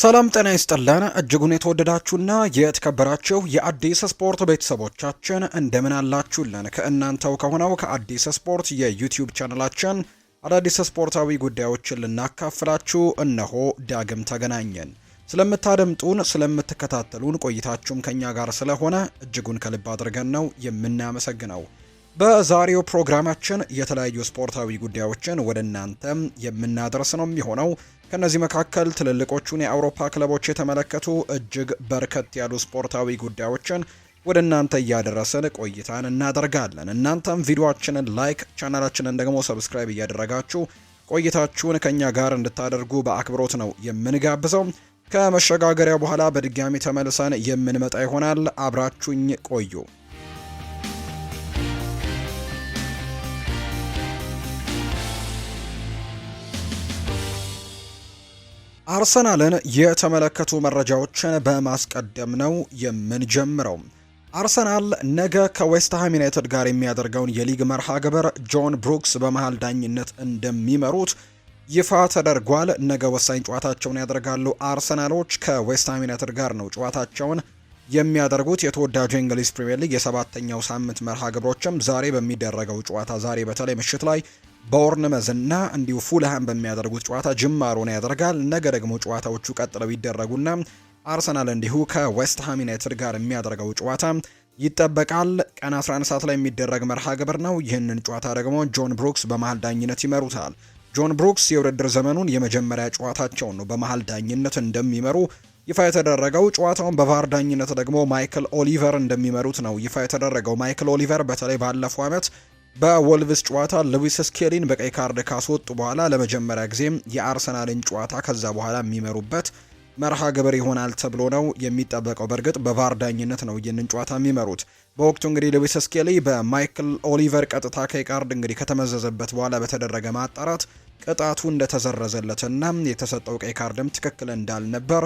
ሰላም ጤና ይስጥልን እጅጉን የተወደዳችሁና የተከበራችሁ የአዲስ ስፖርት ቤተሰቦቻችን እንደምን አላችሁልን? ከእናንተው ከሆነው ከአዲስ ስፖርት የዩቲዩብ ቻነላችን አዳዲስ ስፖርታዊ ጉዳዮችን ልናካፍላችሁ እነሆ ዳግም ተገናኘን። ስለምታደምጡን፣ ስለምትከታተሉን ቆይታችሁም ከእኛ ጋር ስለሆነ እጅጉን ከልብ አድርገን ነው የምናመሰግነው። በዛሬው ፕሮግራማችን የተለያዩ ስፖርታዊ ጉዳዮችን ወደ እናንተ የምናደርስ ነው የሚሆነው። ከእነዚህ መካከል ትልልቆቹን የአውሮፓ ክለቦች የተመለከቱ እጅግ በርከት ያሉ ስፖርታዊ ጉዳዮችን ወደ እናንተ እያደረስን ቆይታን እናደርጋለን። እናንተም ቪዲዮችንን ላይክ፣ ቻናላችንን ደግሞ ሰብስክራይብ እያደረጋችሁ ቆይታችሁን ከእኛ ጋር እንድታደርጉ በአክብሮት ነው የምንጋብዘው። ከመሸጋገሪያ በኋላ በድጋሚ ተመልሰን የምንመጣ ይሆናል። አብራችሁኝ ቆዩ። አርሰናልን የተመለከቱ መረጃዎችን በማስቀደም ነው የምንጀምረው። አርሰናል ነገ ከዌስትሃም ዩናይትድ ጋር የሚያደርገውን የሊግ መርሃ ግብር ጆን ብሩክስ በመሃል ዳኝነት እንደሚመሩት ይፋ ተደርጓል። ነገ ወሳኝ ጨዋታቸውን ያደርጋሉ። አርሰናሎች ከዌስትሃም ዩናይትድ ጋር ነው ጨዋታቸውን የሚያደርጉት። የተወዳጁ እንግሊዝ ፕሪምየር ሊግ የሰባተኛው ሳምንት መርሃ ግብሮችም ዛሬ በሚደረገው ጨዋታ ዛሬ በተለይ ምሽት ላይ በኦርንመዝና እንዲሁ ፉልሃም በሚያደርጉት ጨዋታ ጅማሮን ያደርጋል። ነገ ደግሞ ጨዋታዎቹ ቀጥለው ይደረጉና አርሰናል እንዲሁ ከዌስትሃም ዩናይትድ ጋር የሚያደርገው ጨዋታ ይጠበቃል። ቀን 11 ሰዓት ላይ የሚደረግ መርሃ ግብር ነው። ይህንን ጨዋታ ደግሞ ጆን ብሩክስ በመሀል ዳኝነት ይመሩታል። ጆን ብሩክስ የውድድር ዘመኑን የመጀመሪያ ጨዋታቸውን ነው በመሀል ዳኝነት እንደሚመሩ ይፋ የተደረገው። ጨዋታውን በቫር ዳኝነት ደግሞ ማይክል ኦሊቨር እንደሚመሩት ነው ይፋ የተደረገው። ማይክል ኦሊቨር በተለይ ባለፈው ዓመት በወልቭስ ጨዋታ ሉዊስ ስኬሊን በቀይ ካርድ ካስወጡ በኋላ ለመጀመሪያ ጊዜም የአርሰናልን ጨዋታ ከዛ በኋላ የሚመሩበት መርሃ ግብር ይሆናል ተብሎ ነው የሚጠበቀው። በእርግጥ በቫር ዳኝነት ነው ይህንን ጨዋታ የሚመሩት። በወቅቱ እንግዲህ ሉዊስ ስኬሊ በማይክል ኦሊቨር ቀጥታ ቀይ ካርድ እንግዲህ ከተመዘዘበት በኋላ በተደረገ ማጣራት ቅጣቱ እንደተዘረዘለትና የተሰጠው ቀይ ካርድም ትክክል እንዳልነበር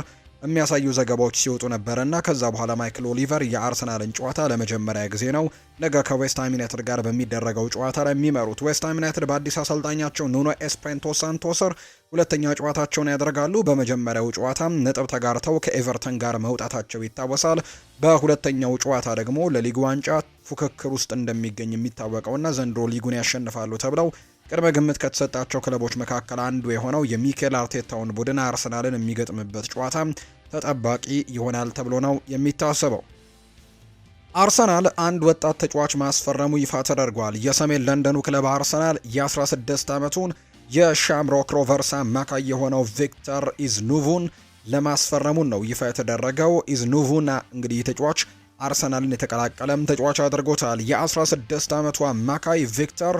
የሚያሳዩ ዘገባዎች ሲወጡ ነበረና ከዛ በኋላ ማይክል ኦሊቨር የአርሰናልን ጨዋታ ለመጀመሪያ ጊዜ ነው ነገ ከዌስትሃም ዩናይትድ ጋር በሚደረገው ጨዋታ ላይ የሚመሩት። ዌስትሃም ዩናይትድ በአዲስ አሰልጣኛቸው ኑኖ ኤስፔንቶ ሳንቶ ሁለተኛ ጨዋታቸውን ያደርጋሉ። በመጀመሪያው ጨዋታ ነጥብ ተጋርተው ከኤቨርተን ጋር መውጣታቸው ይታወሳል። በሁለተኛው ጨዋታ ደግሞ ለሊጉ ዋንጫ ፉክክር ውስጥ እንደሚገኝ የሚታወቀውና ዘንድሮ ሊጉን ያሸንፋሉ ተብለው ቅድመ ግምት ከተሰጣቸው ክለቦች መካከል አንዱ የሆነው የሚኬል አርቴታውን ቡድን አርሰናልን የሚገጥምበት ጨዋታ ተጠባቂ ይሆናል ተብሎ ነው የሚታሰበው። አርሰናል አንድ ወጣት ተጫዋች ማስፈረሙ ይፋ ተደርጓል። የሰሜን ለንደኑ ክለብ አርሰናል የ16 ዓመቱን የሻምሮክ ሮቨርስ አማካይ የሆነው ቪክተር ኢዝኑቡን ለማስፈረሙን ነው ይፋ የተደረገው። ኢዝኑቡና እንግዲህ ተጫዋች አርሰናልን የተቀላቀለም ተጫዋች አድርጎታል። የ16 ዓመቱ አማካይ ቪክተር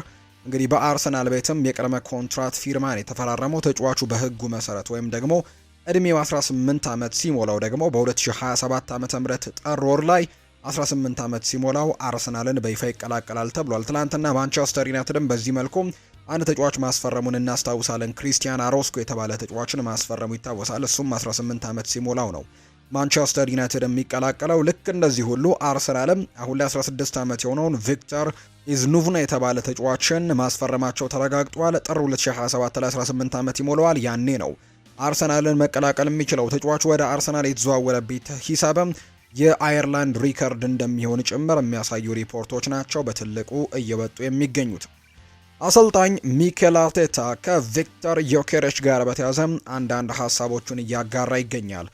እንግዲህ በአርሰናል ቤትም የቅድመ ኮንትራት ፊርማን የተፈራረመው ተጫዋቹ በህጉ መሰረት ወይም ደግሞ እድሜው 18 ዓመት ሲሞላው ደግሞ በ2027 ዓመተ ምህረት ጥር ወር ላይ 18 ዓመት ሲሞላው አርሰናልን በይፋ ይቀላቀላል ተብሏል። ትናንትና ማንቸስተር ዩናይትድም በዚህ መልኩ አንድ ተጫዋች ማስፈረሙን እናስታውሳለን። ክሪስቲያን አሮስኮ የተባለ ተጫዋችን ማስፈረሙ ይታወሳል። እሱም 18 ዓመት ሲሞላው ነው ማንቸስተር ዩናይትድ የሚቀላቀለው ልክ እንደዚህ ሁሉ አርሰናልም አሁን ላይ 16 ዓመት የሆነውን ቪክተር ኢዝኑቭና የተባለ ተጫዋችን ማስፈረማቸው ተረጋግጧል። ጥር 2027 ላይ 18 ዓመት ይሞላዋል። ያኔ ነው አርሰናልን መቀላቀል የሚችለው። ተጫዋቹ ወደ አርሰናል የተዘዋወረበት ሂሳብም የአየርላንድ ሪከርድ እንደሚሆን ጭምር የሚያሳዩ ሪፖርቶች ናቸው በትልቁ እየወጡ የሚገኙት። አሰልጣኝ ሚኬል አርቴታ ከቪክተር ዮኬሬሽ ጋር በተያዘ አንዳንድ ሀሳቦቹን እያጋራ ይገኛል።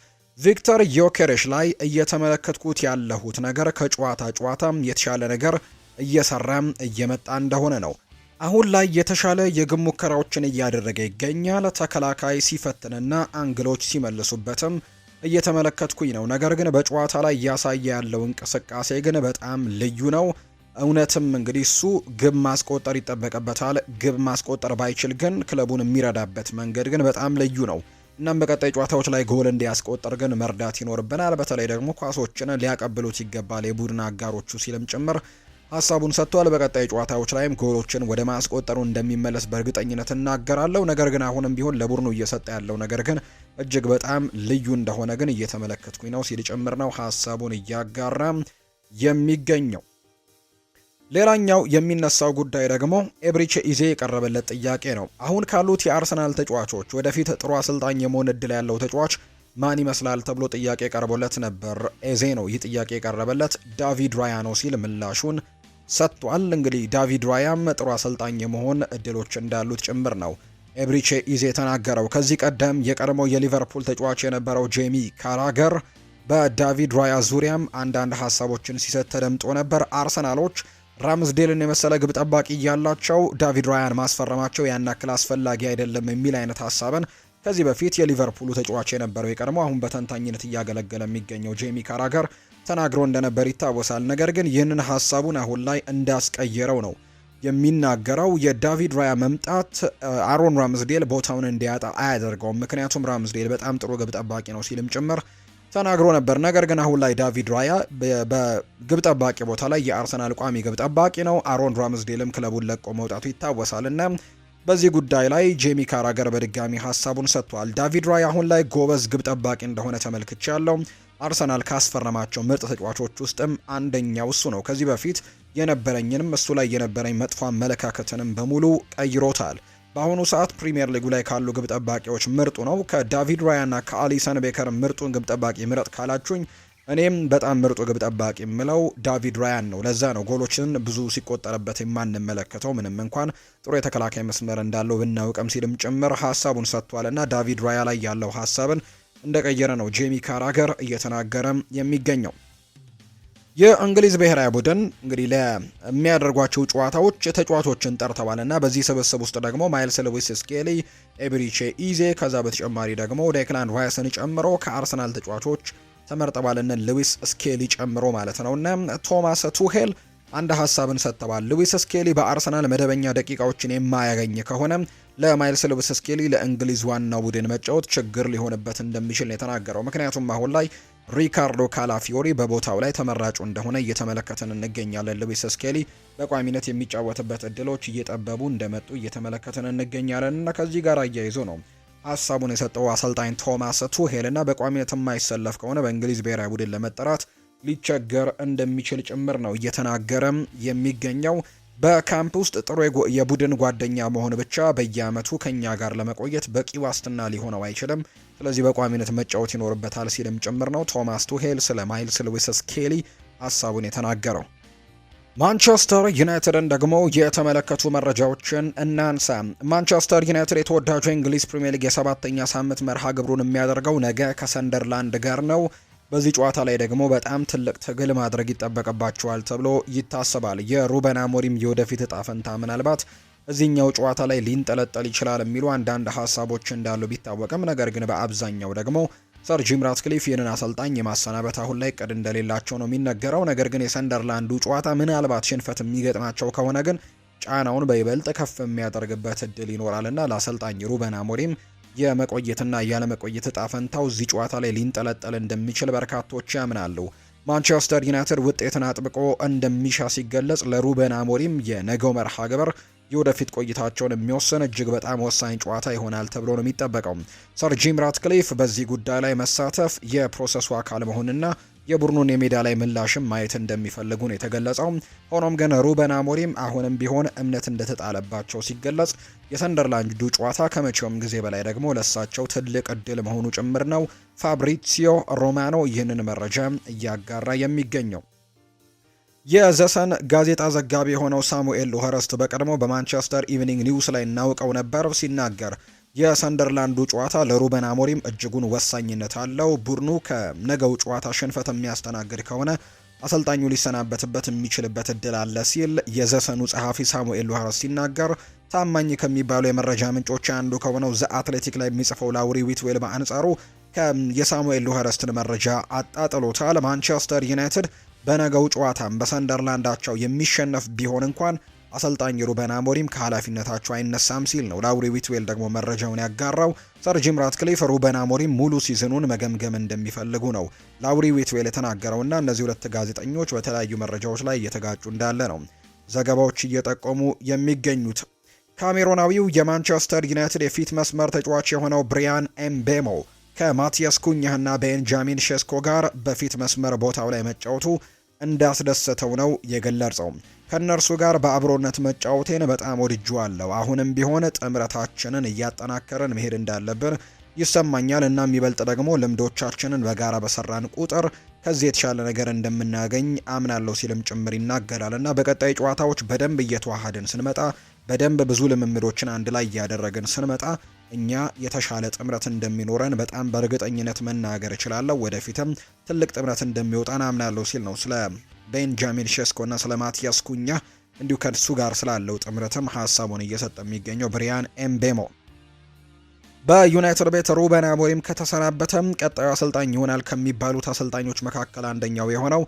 ቪክተር ዮኬሬሽ ላይ እየተመለከትኩት ያለሁት ነገር ከጨዋታ ጨዋታ የተሻለ ነገር እየሰራም እየመጣ እንደሆነ ነው። አሁን ላይ የተሻለ የግብ ሙከራዎችን እያደረገ ይገኛል። ተከላካይ ሲፈትንና አንግሎች ሲመልሱበትም እየተመለከትኩኝ ነው። ነገር ግን በጨዋታ ላይ እያሳየ ያለው እንቅስቃሴ ግን በጣም ልዩ ነው። እውነትም እንግዲህ እሱ ግብ ማስቆጠር ይጠበቅበታል። ግብ ማስቆጠር ባይችል ግን ክለቡን የሚረዳበት መንገድ ግን በጣም ልዩ ነው። እናም በቀጣይ ጨዋታዎች ላይ ጎል እንዲያስቆጠር ግን መርዳት ይኖርብናል። በተለይ ደግሞ ኳሶችን ሊያቀብሉት ይገባል የቡድን አጋሮቹ ሲልም ጭምር ሀሳቡን ሰጥቷል። በቀጣይ ጨዋታዎች ላይም ጎሎችን ወደ ማስቆጠሩ እንደሚመለስ በእርግጠኝነት እናገራለሁ። ነገር ግን አሁንም ቢሆን ለቡድኑ እየሰጠ ያለው ነገር ግን እጅግ በጣም ልዩ እንደሆነ ግን እየተመለከትኩኝ ነው ሲል ጭምር ነው ሀሳቡን እያጋራ የሚገኘው። ሌላኛው የሚነሳው ጉዳይ ደግሞ ኤብሪቼ ኢዜ የቀረበለት ጥያቄ ነው። አሁን ካሉት የአርሰናል ተጫዋቾች ወደፊት ጥሩ አሰልጣኝ የመሆን እድል ያለው ተጫዋች ማን ይመስላል ተብሎ ጥያቄ ቀርቦለት ነበር። ኤዜ ነው ይህ ጥያቄ የቀረበለት። ዳቪድ ራያ ነው ሲል ምላሹን ሰጥቷል። እንግዲህ ዳቪድ ራያም ጥሩ አሰልጣኝ የመሆን እድሎች እንዳሉት ጭምር ነው ኤብሪቼ ኢዜ ተናገረው። ከዚህ ቀደም የቀድሞ የሊቨርፑል ተጫዋች የነበረው ጄሚ ካራገር በዳቪድ ራያ ዙሪያም አንዳንድ ሀሳቦችን ሲሰጥ ተደምጦ ነበር። አርሰናሎች ራምስዴልን የመሰለ ግብ ጠባቂ እያላቸው ዳቪድ ራያን ማስፈረማቸው ያን ያክል አስፈላጊ አይደለም የሚል አይነት ሀሳብን ከዚህ በፊት የሊቨርፑሉ ተጫዋች የነበረው የቀድሞ አሁን በተንታኝነት እያገለገለ የሚገኘው ጄሚ ካራገር ተናግሮ እንደነበር ይታወሳል። ነገር ግን ይህንን ሀሳቡን አሁን ላይ እንዳስቀየረው ነው የሚናገረው። የዳቪድ ራያ መምጣት አሮን ራምስዴል ቦታውን እንዲያጣ አያደርገውም፣ ምክንያቱም ራምስዴል በጣም ጥሩ ግብ ጠባቂ ነው ሲልም ጭምር ተናግሮ ነበር። ነገር ግን አሁን ላይ ዳቪድ ራያ በግብ ጠባቂ ቦታ ላይ የአርሰናል ቋሚ ግብ ጠባቂ ነው። አሮን ራምስዴልም ክለቡን ለቆ መውጣቱ ይታወሳል እና በዚህ ጉዳይ ላይ ጄሚ ካራገር በድጋሚ ሀሳቡን ሰጥቷል። ዳቪድ ራያ አሁን ላይ ጎበዝ ግብ ጠባቂ እንደሆነ ተመልክቼ ያለው አርሰናል ካስፈረማቸው ምርጥ ተጫዋቾች ውስጥም አንደኛው እሱ ነው። ከዚህ በፊት የነበረኝንም እሱ ላይ የነበረኝ መጥፎ አመለካከትንም በሙሉ ቀይሮታል። በአሁኑ ሰዓት ፕሪምየር ሊጉ ላይ ካሉ ግብ ጠባቂዎች ምርጡ ነው። ከዳቪድ ራያና ከአሊሰን ቤከር ምርጡን ግብ ጠባቂ ምረጥ ካላችሁኝ እኔም በጣም ምርጡ ግብ ጠባቂ የምለው ዳቪድ ራያን ነው። ለዛ ነው ጎሎችን ብዙ ሲቆጠርበት የማንመለከተው ምንም እንኳን ጥሩ የተከላካይ መስመር እንዳለው ብናውቅም ሲልም ጭምር ሀሳቡን ሰጥቷልና ዳቪድ ራያ ላይ ያለው ሀሳብን እንደቀየረ ነው ጄሚ ካራገር እየተናገረም የሚገኘው። የእንግሊዝ ብሔራዊ ቡድን እንግዲህ ለሚያደርጓቸው ጨዋታዎች ተጫዋቾችን ጠርተዋል እና በዚህ ስብስብ ውስጥ ደግሞ ማይልስ ሉዊስ ስኬሊ፣ ኤብሪቼ ኢዜ ከዛ በተጨማሪ ደግሞ ዴክላን ራይስን ጨምሮ ከአርሰናል ተጫዋቾች ተመርጠዋል እና ስኬሊ ጨምሮ ማለት ነው እና ቶማስ ቱሄል አንድ ሀሳብን ሰጥተዋል። ሉዊስ ስኬሊ በአርሰናል መደበኛ ደቂቃዎችን የማያገኝ ከሆነ ለማይልስ ሉዊስ ስኬሊ ለእንግሊዝ ዋና ቡድን መጫወት ችግር ሊሆንበት እንደሚችል የተናገረው። ምክንያቱም አሁን ላይ ሪካርዶ ካላፊዮሪ በቦታው ላይ ተመራጩ እንደሆነ እየተመለከትን እንገኛለን። ሉዊስ ስኬሊ በቋሚነት የሚጫወትበት እድሎች እየጠበቡ እንደመጡ እየተመለከትን እንገኛለን እና ከዚህ ጋር አያይዞ ነው ሀሳቡን የሰጠው አሰልጣኝ ቶማስ ቱሄል እና በቋሚነት የማይሰለፍ ከሆነ በእንግሊዝ ብሔራዊ ቡድን ለመጠራት ሊቸገር እንደሚችል ጭምር ነው እየተናገረም የሚገኘው። በካምፕ ውስጥ ጥሩ የቡድን ጓደኛ መሆን ብቻ በየአመቱ ከኛ ጋር ለመቆየት በቂ ዋስትና ሊሆነው አይችልም። ስለዚህ በቋሚነት መጫወት ይኖርበታል ሲልም ጭምር ነው ቶማስ ቱሄል ስለ ማይልስ ሉዊስ ስኬሊ ሀሳቡን የተናገረው። ማንቸስተር ዩናይትድን ደግሞ የተመለከቱ መረጃዎችን እናንሳ። ማንቸስተር ዩናይትድ የተወዳጁ እንግሊዝ ፕሪምየር ሊግ የሰባተኛ ሳምንት መርሃ ግብሩን የሚያደርገው ነገ ከሰንደርላንድ ጋር ነው። በዚህ ጨዋታ ላይ ደግሞ በጣም ትልቅ ትግል ማድረግ ይጠበቅባቸዋል ተብሎ ይታሰባል። የሩበን አሞሪም የወደፊት እጣ ፈንታ ምናልባት እዚህኛው ጨዋታ ላይ ሊንጠለጠል ይችላል የሚሉ አንዳንድ ሀሳቦች እንዳሉ ቢታወቅም ነገር ግን በአብዛኛው ደግሞ ሰር ጂም ራትክሊፍ ይህንን አሰልጣኝ የማሰናበት አሁን ላይ እቅድ እንደሌላቸው ነው የሚነገረው። ነገር ግን የሰንደርላንዱ ጨዋታ ምናልባት ሽንፈት የሚገጥማቸው ከሆነ ግን ጫናውን በይበልጥ ከፍ የሚያደርግበት እድል ይኖራልና ለአሰልጣኝ ሩበን አሞሪም የመቆየትና ያለመቆየት እጣ ፈንታው እዚህ ጨዋታ ላይ ሊንጠለጠል እንደሚችል በርካቶች ያምናሉ። ማንቸስተር ዩናይትድ ውጤትን አጥብቆ እንደሚሻ ሲገለጽ፣ ለሩበን አሞሪም የነገው መርሃ ግብር የወደፊት ቆይታቸውን የሚወስን እጅግ በጣም ወሳኝ ጨዋታ ይሆናል ተብሎ ነው የሚጠበቀው። ሰር ጂም ራትክሊፍ በዚህ ጉዳይ ላይ መሳተፍ የፕሮሰሱ አካል መሆንና የቡድኑን የሜዳ ላይ ምላሽም ማየት እንደሚፈልጉ ነው የተገለጸው። ሆኖም ግን ሩበን አሞሪም አሁንም ቢሆን እምነት እንደተጣለባቸው ሲገለጽ፣ የሰንደርላንዱ ጨዋታ ከመቼውም ጊዜ በላይ ደግሞ ለሳቸው ትልቅ እድል መሆኑ ጭምር ነው ፋብሪሲዮ ሮማኖ ይህንን መረጃ እያጋራ የሚገኘው። የዘሰን ጋዜጣ ዘጋቢ የሆነው ሳሙኤል ሎኸረስት በቀድሞ በማንቸስተር ኢቭኒንግ ኒውስ ላይ እናውቀው ነበር ሲናገር የሰንደርላንዱ ጨዋታ ለሩበን አሞሪም እጅጉን ወሳኝነት አለው። ቡድኑ ከነገው ጨዋታ ሽንፈት የሚያስተናግድ ከሆነ አሰልጣኙ ሊሰናበትበት የሚችልበት እድል አለ ሲል የዘሰኑ ጸሐፊ ሳሙኤል ሉሃረስ ሲናገር፣ ታማኝ ከሚባሉ የመረጃ ምንጮች አንዱ ከሆነው ዘ አትሌቲክ ላይ የሚጽፈው ላውሪ ዊትዌል በአንጻሩ የሳሙኤል ሉሃረስትን መረጃ አጣጥሎታል። ማንቸስተር ዩናይትድ በነገው ጨዋታም በሰንደርላንዳቸው የሚሸነፍ ቢሆን እንኳን አሰልጣኝ ሩበን አሞሪም ከኃላፊነታቸው አይነሳም ሲል ነው ላውሪ ዊትዌል ደግሞ መረጃውን ያጋራው። ሰር ጂም ራትክሊፍ ሩበን አሞሪም ሙሉ ሲዝኑን መገምገም እንደሚፈልጉ ነው ላውሪ ዊትዌል የተናገረውና እነዚህ ሁለት ጋዜጠኞች በተለያዩ መረጃዎች ላይ እየተጋጩ እንዳለ ነው ዘገባዎች እየጠቆሙ የሚገኙት። ካሜሮናዊው የማንቸስተር ዩናይትድ የፊት መስመር ተጫዋች የሆነው ብሪያን ኤምቤሞ ከማቲያስ ኩኛህና ቤንጃሚን ሼስኮ ጋር በፊት መስመር ቦታው ላይ መጫወቱ እንዳስደሰተው ነው የገለጸው። ከእነርሱ ጋር በአብሮነት መጫወቴን በጣም ወድጄዋለሁ። አሁንም ቢሆን ጥምረታችንን እያጠናከረን መሄድ እንዳለብን ይሰማኛል። እናም ይበልጥ ደግሞ ልምዶቻችንን በጋራ በሰራን ቁጥር ከዚህ የተሻለ ነገር እንደምናገኝ አምናለሁ ሲልም ጭምር ይናገራል እና በቀጣይ ጨዋታዎች በደንብ እየተዋሃድን ስንመጣ፣ በደንብ ብዙ ልምምዶችን አንድ ላይ እያደረግን ስንመጣ እኛ የተሻለ ጥምረት እንደሚኖረን በጣም በእርግጠኝነት መናገር እችላለሁ። ወደፊትም ትልቅ ጥምረት እንደሚወጣን አምናለሁ ሲል ነው ስለ ቤንጃሚን ሸስኮና ስለ ማቲያስ ኩኛ እንዲሁ ከእሱ ጋር ስላለው ጥምረትም ሀሳቡን እየሰጠ የሚገኘው ብሪያን ኤምቤሞ በዩናይትድ ቤት ሩበን አሞሪም ከተሰናበተም ቀጣዩ አሰልጣኝ ይሆናል ከሚባሉት አሰልጣኞች መካከል አንደኛው የሆነው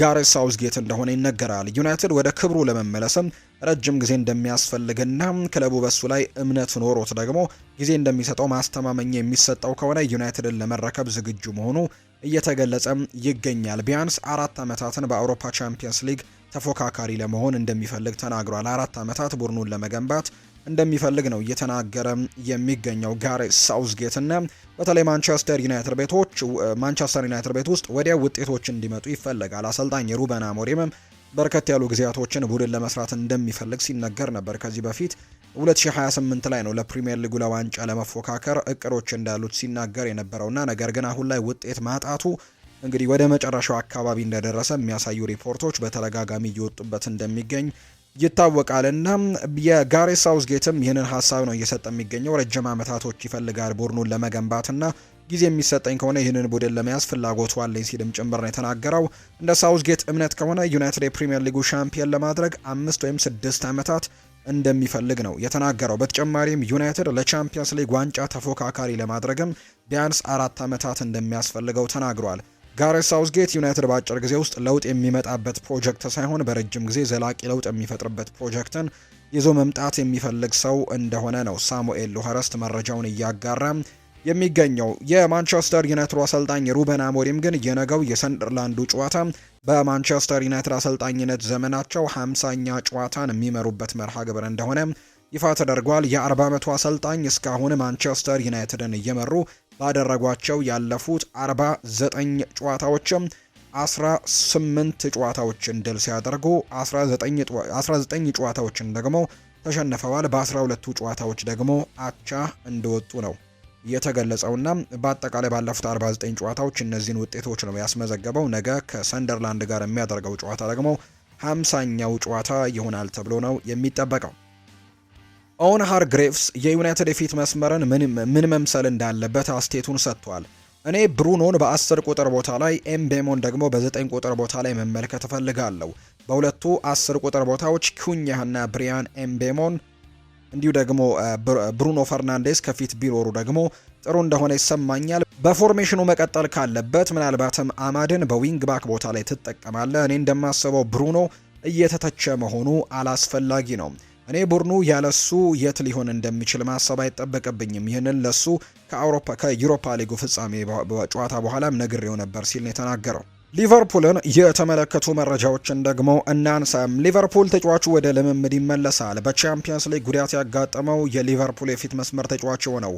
ጋሬት ሳውዝጌት እንደሆነ ይነገራል። ዩናይትድ ወደ ክብሩ ለመመለስም ረጅም ጊዜ እንደሚያስፈልግና ክለቡ በሱ ላይ እምነት ኖሮት ደግሞ ጊዜ እንደሚሰጠው ማስተማመኛ የሚሰጠው ከሆነ ዩናይትድን ለመረከብ ዝግጁ መሆኑ እየተገለጸም ይገኛል። ቢያንስ አራት ዓመታትን በአውሮፓ ቻምፒየንስ ሊግ ተፎካካሪ ለመሆን እንደሚፈልግ ተናግሯል። አራት ዓመታት ቡድኑን ለመገንባት እንደሚፈልግ ነው እየተናገረ የሚገኘው ጋሬ ሳውዝጌት እና በተለይ ማንቸስተር ዩናይትድ ቤቶች ማንቸስተር ዩናይትድ ቤት ውስጥ ወዲያ ውጤቶች እንዲመጡ ይፈለጋል። አሰልጣኝ ሩበን አሞሪምም በርከት ያሉ ጊዜያቶችን ቡድን ለመስራት እንደሚፈልግ ሲነገር ነበር ከዚህ በፊት 2028 ላይ ነው ለፕሪሚየር ሊጉ ለዋንጫ ለመፎካከር እቅዶች እንዳሉት ሲናገር የነበረውና ነገር ግን አሁን ላይ ውጤት ማጣቱ እንግዲህ ወደ መጨረሻው አካባቢ እንደደረሰ የሚያሳዩ ሪፖርቶች በተደጋጋሚ እየወጡበት እንደሚገኝ ይታወቃል። እና የጋሪ ጌትም ይህንን ሀሳብ ነው እየሰጠ የሚገኘው። ረጅም ዓመታቶች ይፈልጋል ቡድኑን ለመገንባትና ጊዜ የሚሰጠኝ ከሆነ ይህንን ቡድን ለመያዝ ፍላጎቱ አለኝ ሲልም ጭምር ነው የተናገረው። እንደ ሳውዝጌት እምነት ከሆነ ዩናይትድ የፕሪምየር ሊጉ ሻምፒየን ለማድረግ አምስት ወይም ስድስት ዓመታት እንደሚፈልግ ነው የተናገረው። በተጨማሪም ዩናይትድ ለቻምፒየንስ ሊግ ዋንጫ ተፎካካሪ ለማድረግም ቢያንስ አራት ዓመታት እንደሚያስፈልገው ተናግሯል። ጋሬት ሳውዝጌት ዩናይትድ በአጭር ጊዜ ውስጥ ለውጥ የሚመጣበት ፕሮጀክት ሳይሆን በረጅም ጊዜ ዘላቂ ለውጥ የሚፈጥርበት ፕሮጀክትን ይዞ መምጣት የሚፈልግ ሰው እንደሆነ ነው ሳሙኤል ሎሃረስት መረጃውን እያጋራ የሚገኘው። የማንቸስተር ዩናይትድ አሰልጣኝ ሩበን አሞሪም ግን የነገው የሰንደርላንዱ ጨዋታ በማንቸስተር ዩናይትድ አሰልጣኝነት ዘመናቸው ሀምሳኛ ጨዋታን የሚመሩበት መርሃ ግብር እንደሆነ ይፋ ተደርጓል። የ40 ዓመቱ አሰልጣኝ እስካሁን ማንቸስተር ዩናይትድን እየመሩ ባደረጓቸው ያለፉት 49 ጨዋታዎችም 18 ጨዋታዎችን ድል ሲያደርጉ 19 ጨዋታዎችን ደግሞ ተሸንፈዋል። በ12ቱ ጨዋታዎች ደግሞ አቻ እንደወጡ ነው የተገለጸውና በአጠቃላይ ባለፉት 49 ጨዋታዎች እነዚህን ውጤቶች ነው ያስመዘገበው። ነገ ከሰንደርላንድ ጋር የሚያደርገው ጨዋታ ደግሞ 50ኛው ጨዋታ ይሆናል ተብሎ ነው የሚጠበቀው። ኦውን ግሬቭስ የዩናይትድ የፊት መስመርን ምን መምሰል እንዳለበት አስቴቱን ሰጥቷል። እኔ ብሩኖን በ10 ቁጥር ቦታ ላይ ኤምቤሞን ደግሞ በ9 ቁጥር ቦታ ላይ መመልከት እፈልጋለሁ። በሁለቱ 10 ቁጥር ቦታዎች ኩኛህና ብሪያን ኤምቤሞን እንዲሁ ደግሞ ብሩኖ ፈርናንዴስ ከፊት ቢሮሩ ደግሞ ጥሩ እንደሆነ ይሰማኛል። በፎርሜሽኑ መቀጠል ካለበት ምናልባትም አማድን በዊንግ ባክ ቦታ ላይ ትጠቀማለ። እኔ እንደማስበው ብሩኖ እየተተቸ መሆኑ አላስፈላጊ ነው። እኔ ቡድኑ ያለሱ የት ሊሆን እንደሚችል ማሰብ አይጠበቅብኝም። ይህንን ለሱ ከአውሮፓ ከዩሮፓ ሊጉ ፍጻሜ ጨዋታ በኋላም ነግሬው ነበር ሲል ነው የተናገረው። ሊቨርፑልን የተመለከቱ መረጃዎችን ደግሞ እናንሳም። ሊቨርፑል ተጫዋቹ ወደ ልምምድ ይመለሳል። በቻምፒየንስ ሊግ ጉዳት ያጋጠመው የሊቨርፑል የፊት መስመር ተጫዋች የሆነው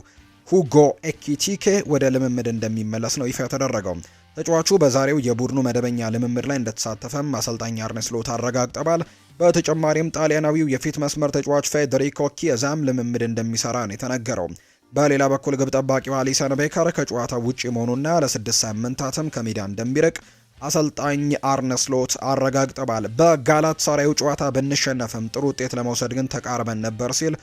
ሁጎ ኤኪቲኬ ወደ ልምምድ እንደሚመለስ ነው ይፋ የተደረገው። ተጫዋቹ በዛሬው የቡድኑ መደበኛ ልምምድ ላይ እንደተሳተፈም አሰልጣኝ አርነ ስሎት አረጋግጠዋል። በተጨማሪም ጣሊያናዊው የፊት መስመር ተጫዋች ፌዴሪኮ ኪየዛም ልምምድ እንደሚሰራ ነው የተነገረው። በሌላ በኩል ግብ ጠባቂው አሊሰን ቤከር ከጨዋታ ውጪ መሆኑና ለስድስት ሳምንታትም ከሜዳ እንደሚርቅ አሰልጣኝ አርነስሎት አረጋግጠዋል። በጋላት ሳራዩ ጨዋታ ብንሸነፍም ጥሩ ውጤት ለመውሰድ ግን ተቃርበን ነበር ሲል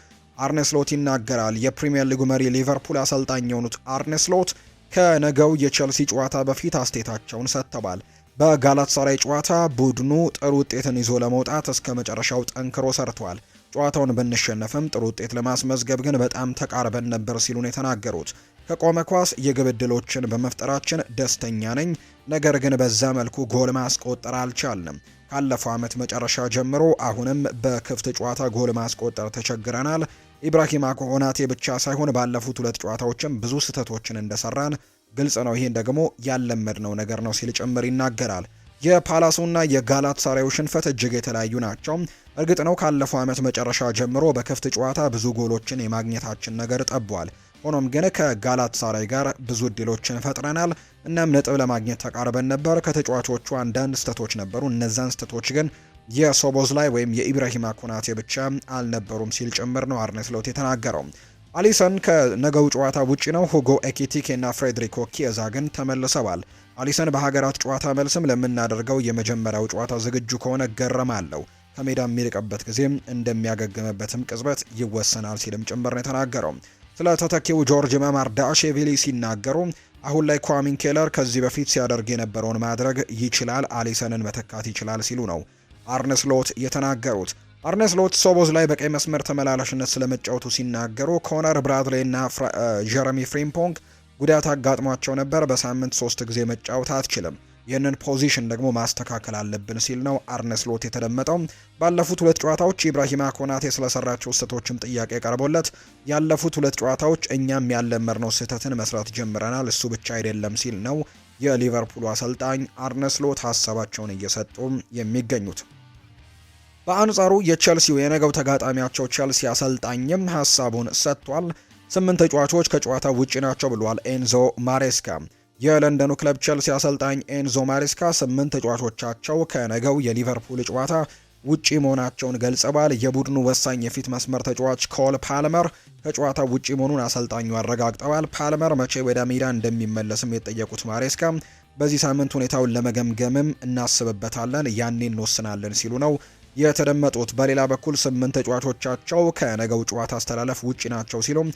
አርነስሎት ይናገራል። የፕሪምየር ሊጉ መሪ ሊቨርፑል አሰልጣኝ የሆኑት አርነስሎት ከነገው የቸልሲ ጨዋታ በፊት አስቴታቸውን ሰጥተዋል። በጋላት ሳራይ ጨዋታ ቡድኑ ጥሩ ውጤትን ይዞ ለመውጣት እስከ መጨረሻው ጠንክሮ ሰርቷል። ጨዋታውን ብንሸነፍም ጥሩ ውጤት ለማስመዝገብ ግን በጣም ተቃርበን ነበር ሲሉ ነው የተናገሩት። ከቆመ ኳስ የግብ ዕድሎችን በመፍጠራችን ደስተኛ ነኝ፣ ነገር ግን በዛ መልኩ ጎል ማስቆጠር አልቻልንም። ካለፈው ዓመት መጨረሻ ጀምሮ አሁንም በክፍት ጨዋታ ጎል ማስቆጠር ተቸግረናል። ኢብራሂማ ኮናቴ ብቻ ሳይሆን ባለፉት ሁለት ጨዋታዎችም ብዙ ስህተቶችን እንደሰራን ግልጽ ነው። ይህን ደግሞ ያለመድነው ነገር ነው ሲል ጭምር ይናገራል። የፓላሶና የጋላት ሳራዩ ሽንፈት እጅግ የተለያዩ ናቸው። እርግጥ ነው ካለፈው ዓመት መጨረሻ ጀምሮ በክፍት ጨዋታ ብዙ ጎሎችን የማግኘታችን ነገር ጠቧል። ሆኖም ግን ከጋላት ሳራይ ጋር ብዙ እድሎችን ፈጥረናል። እናም ነጥብ ለማግኘት ተቃርበን ነበር። ከተጫዋቾቹ አንዳንድ ስህተቶች ነበሩ። እነዛን ስህተቶች ግን የሶቦዝ ላይ ወይም የኢብራሂማ ኩናቴ ብቻ አልነበሩም ሲል ጭምር ነው አርነ ስሎት የተናገረው። አሊሰን ከነገው ጨዋታ ውጪ ነው። ሁጎ ኤኪቲኬና ፍሬድሪኮ ኪየዛ ግን ተመልሰዋል። አሊሰን በሀገራት ጨዋታ መልስም ለምናደርገው የመጀመሪያው ጨዋታ ዝግጁ ከሆነ እገረማለሁ። ከሜዳ የሚርቅበት ጊዜም እንደሚያገግምበትም ቅጽበት ይወሰናል ሲልም ጭምር ነው የተናገረው። ስለ ተተኪው ጆርጅ መማር ዳሼቪሊ ሲናገሩ አሁን ላይ ኳሚን ኬለር ከዚህ በፊት ሲያደርግ የነበረውን ማድረግ ይችላል፣ አሊሰንን መተካት ይችላል ሲሉ ነው አርነስሎት የተናገሩት። አርነስሎት ሶቦዝ ላይ በቀይ መስመር ተመላላሽነት ስለመጫወቱ ሲናገሩ ኮነር ብራድሌ እና ጀረሚ ፍሪምፖንግ ጉዳት አጋጥሟቸው ነበር። በሳምንት ሶስት ጊዜ መጫወት አትችልም። ይህንን ፖዚሽን ደግሞ ማስተካከል አለብን ሲል ነው አርነስሎት የተደመጠው። ባለፉት ሁለት ጨዋታዎች ኢብራሂማ ኮናቴ ስለሰራቸው ስህተቶችም ጥያቄ ቀርቦለት ያለፉት ሁለት ጨዋታዎች እኛም ያለመድነው ስህተትን መስራት ጀምረናል፣ እሱ ብቻ አይደለም ሲል ነው የሊቨርፑሉ አሰልጣኝ አርነስሎት ሀሳባቸውን እየሰጡ የሚገኙት። በአንጻሩ የቼልሲው የነገው ተጋጣሚያቸው ቼልሲ አሰልጣኝም ሀሳቡን ሰጥቷል። ስምንት ተጫዋቾች ከጨዋታ ውጪ ናቸው ብሏል ኤንዞ ማሬስካ። የለንደኑ ክለብ ቸልሲ አሰልጣኝ ኤንዞ ማሬስካ ስምንት ተጫዋቾቻቸው ከነገው የሊቨርፑል ጨዋታ ውጪ መሆናቸውን ገልጸዋል። የቡድኑ ወሳኝ የፊት መስመር ተጫዋች ኮል ፓልመር ከጨዋታ ውጪ መሆኑን አሰልጣኙ አረጋግጠዋል። ፓልመር መቼ ወደ ሜዳ እንደሚመለስም የጠየቁት ማሬስካ በዚህ ሳምንት ሁኔታውን ለመገምገምም እናስብበታለን፣ ያኔ እንወስናለን ሲሉ ነው የተደመጡት። በሌላ በኩል ስምንት ተጫዋቾቻቸው ከነገው ጨዋታ አስተላለፍ ውጪ ናቸው ሲሉም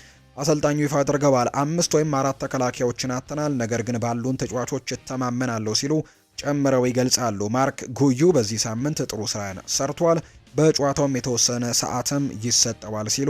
አሰልጣኙ ይፋ አድርገዋል። አምስት ወይም አራት ተከላካዮችን አጥተናል፣ ነገር ግን ባሉን ተጫዋቾች እተማመናለሁ ሲሉ ጨምረው ይገልጻሉ። ማርክ ጉዩ በዚህ ሳምንት ጥሩ ስራ ሰርቷል፣ በጨዋታውም የተወሰነ ሰዓትም ይሰጠዋል ሲሉ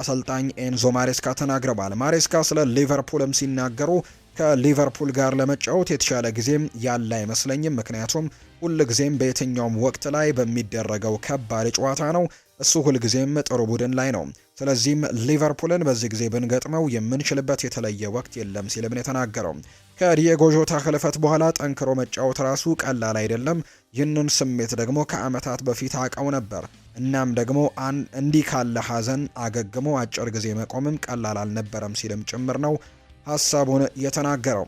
አሰልጣኝ ኤንዞ ማሬስካ ተናግረዋል። ማሬስካ ስለ ሊቨርፑልም ሲናገሩ ከሊቨርፑል ጋር ለመጫወት የተሻለ ጊዜም ያለ አይመስለኝም፣ ምክንያቱም ሁልጊዜም በየትኛውም ወቅት ላይ በሚደረገው ከባድ ጨዋታ ነው እሱ ሁልጊዜም ጥሩ ቡድን ላይ ነው። ስለዚህም ሊቨርፑልን በዚህ ጊዜ ብንገጥመው የምንችልበት የተለየ ወቅት የለም ሲልም ነው የተናገረው። ከዲየጎ ጆታ ህልፈት በኋላ ጠንክሮ መጫወት ራሱ ቀላል አይደለም። ይህንን ስሜት ደግሞ ከዓመታት በፊት አውቀው ነበር። እናም ደግሞ እንዲህ ካለ ሐዘን አገግሞ አጭር ጊዜ መቆምም ቀላል አልነበረም ሲልም ጭምር ነው ሐሳቡን የተናገረው።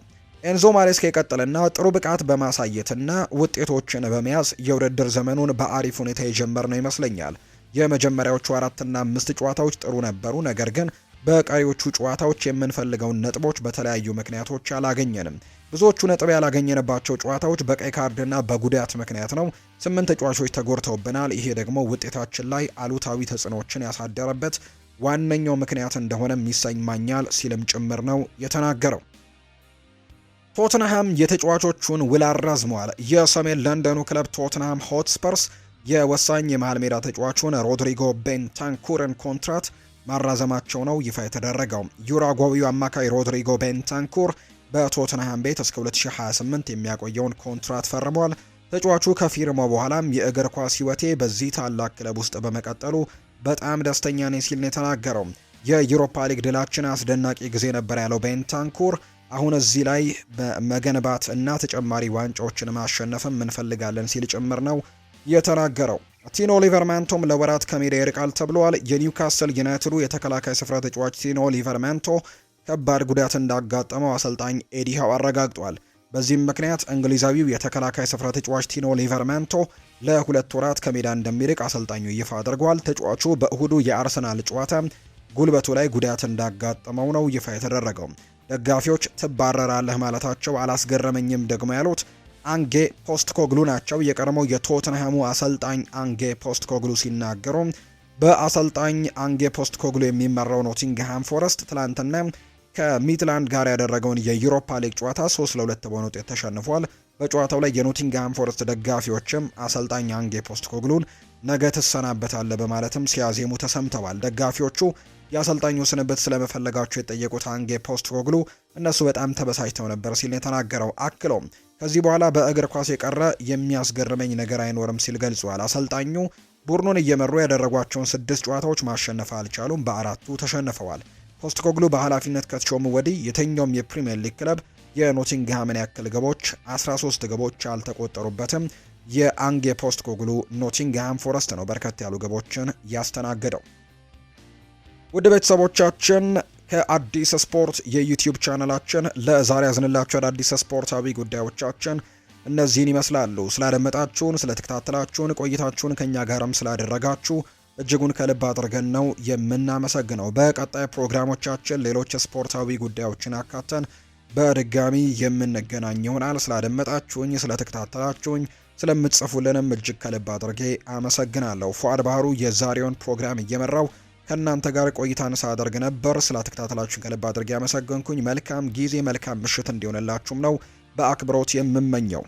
ኤንዞ ማሬስካ የቀጠለና ጥሩ ብቃት በማሳየትና ውጤቶችን በመያዝ የውድድር ዘመኑን በአሪፍ ሁኔታ የጀመር ነው ይመስለኛል የመጀመሪያዎቹ አራትና አምስት ጨዋታዎች ጥሩ ነበሩ፣ ነገር ግን በቀሪዎቹ ጨዋታዎች የምንፈልገውን ነጥቦች በተለያዩ ምክንያቶች አላገኘንም። ብዙዎቹ ነጥብ ያላገኘንባቸው ጨዋታዎች በቀይ ካርድና በጉዳት ምክንያት ነው። ስምንት ተጫዋቾች ተጎድተውብናል። ይሄ ደግሞ ውጤታችን ላይ አሉታዊ ተጽዕኖዎችን ያሳደረበት ዋነኛው ምክንያት እንደሆነም ይሰማኛል ሲልም ጭምር ነው የተናገረው። ቶትንሃም የተጫዋቾቹን ውል አራዝመዋል። የሰሜን ለንደኑ ክለብ ቶትንሃም ሆትስፐርስ የወሳኝ የመሃል ሜዳ ተጫዋቹን ሮድሪጎ ቤንታንኩርን ኮንትራት ማራዘማቸው ነው ይፋ የተደረገው። ዩራጓዊው አማካይ ሮድሪጎ ቤንታንኩር በቶትንሃም ቤት እስከ 2028 የሚያቆየውን ኮንትራት ፈርሟል። ተጫዋቹ ከፊርማው በኋላም የእግር ኳስ ሕይወቴ በዚህ ታላቅ ክለብ ውስጥ በመቀጠሉ በጣም ደስተኛ ነኝ ሲል ነው የተናገረው። የዩሮፓ ሊግ ድላችን አስደናቂ ጊዜ ነበር ያለው ቤንታንኩር አሁን እዚህ ላይ መገንባት እና ተጨማሪ ዋንጫዎችን ማሸነፍም እንፈልጋለን ሲል ጭምር ነው የተናገረው። ቲኖ ሊቨርማንቶም ለወራት ከሜዳ ይርቃል ተብሏል። የኒውካስል ዩናይትዱ የተከላካይ ስፍራ ተጫዋች ቲኖ ሊቨርማንቶ ከባድ ጉዳት እንዳጋጠመው አሰልጣኝ ኤዲ አረጋግጧል። በዚህም ምክንያት እንግሊዛዊው የተከላካይ ስፍራ ተጫዋች ቲኖ ሊቨርማንቶ ለሁለት ወራት ከሜዳ እንደሚርቅ አሰልጣኙ ይፋ አድርጓል። ተጫዋቹ በእሁዱ የአርሰናል ጨዋታ ጉልበቱ ላይ ጉዳት እንዳጋጠመው ነው ይፋ የተደረገው። ደጋፊዎች ትባረራለህ ማለታቸው አላስገረመኝም ደግሞ ያሉት አንጌ ፖስት ኮግሉ ናቸው። የቀድሞው የቶትንሃሙ አሰልጣኝ አንጌ ፖስት ኮግሉ ሲናገሩ በአሰልጣኝ አንጌ ፖስት ኮግሉ የሚመራው ኖቲንግሃም ፎረስት ትላንትና ከሚትላንድ ጋር ያደረገውን የዩሮፓ ሊግ ጨዋታ ለ2 በሆነ ውጤት ተሸንፏል። በጨዋታው ላይ የኖቲንግሃም ፎረስት ደጋፊዎችም አሰልጣኝ አንጌ ፖስት ኮግሉን ነገ ትሰናበታለ በማለትም ሲያዜሙ ተሰምተዋል። ደጋፊዎቹ የአሰልጣኙ ስንብት ስለመፈለጋቸው የጠየቁት አንጌ ፖስት ኮግሉ እነሱ በጣም ተበሳጭተው ነበር ሲል የተናገረው አክሎም ከዚህ በኋላ በእግር ኳስ የቀረ የሚያስገርመኝ ነገር አይኖርም ሲል ገልጿል። አሰልጣኙ ቡድኑን እየመሩ ያደረጓቸውን ስድስት ጨዋታዎች ማሸነፍ አልቻሉም፣ በአራቱ ተሸንፈዋል። ፖስትኮግሉ በኃላፊነት ከተሾሙ ወዲህ የትኛውም የፕሪምየር ሊግ ክለብ የኖቲንግሃምን ያክል ግቦች 13 ግቦች አልተቆጠሩበትም። የአንጌ ፖስትኮግሉ ኖቲንግሃም ፎረስት ነው በርከት ያሉ ግቦችን ያስተናገደው። ውድ ቤተሰቦቻችን ከአዲስ ስፖርት የዩቲዩብ ቻናላችን ለዛሬ ያዝንላችሁ አዳዲስ ስፖርታዊ ጉዳዮቻችን እነዚህን ይመስላሉ። ስላደመጣችሁን፣ ስለተከታተላችሁን፣ ቆይታችሁን ከእኛ ጋርም ስላደረጋችሁ እጅጉን ከልብ አድርገን ነው የምናመሰግነው። በቀጣይ ፕሮግራሞቻችን ሌሎች ስፖርታዊ ጉዳዮችን አካተን በድጋሚ የምንገናኝ ይሆናል። ስላደመጣችሁኝ፣ ስለተከታተላችሁኝ፣ ስለምትጽፉልንም እጅግ ከልብ አድርጌ አመሰግናለሁ። ፏድ ባህሩ የዛሬውን ፕሮግራም እየመራው ከእናንተ ጋር ቆይታን ሳደርግ ነበር። ስላተከታተላችሁን ከልብ አድርጌ ያመሰገንኩኝ። መልካም ጊዜ፣ መልካም ምሽት እንዲሆንላችሁም ነው በአክብሮት የምመኘው።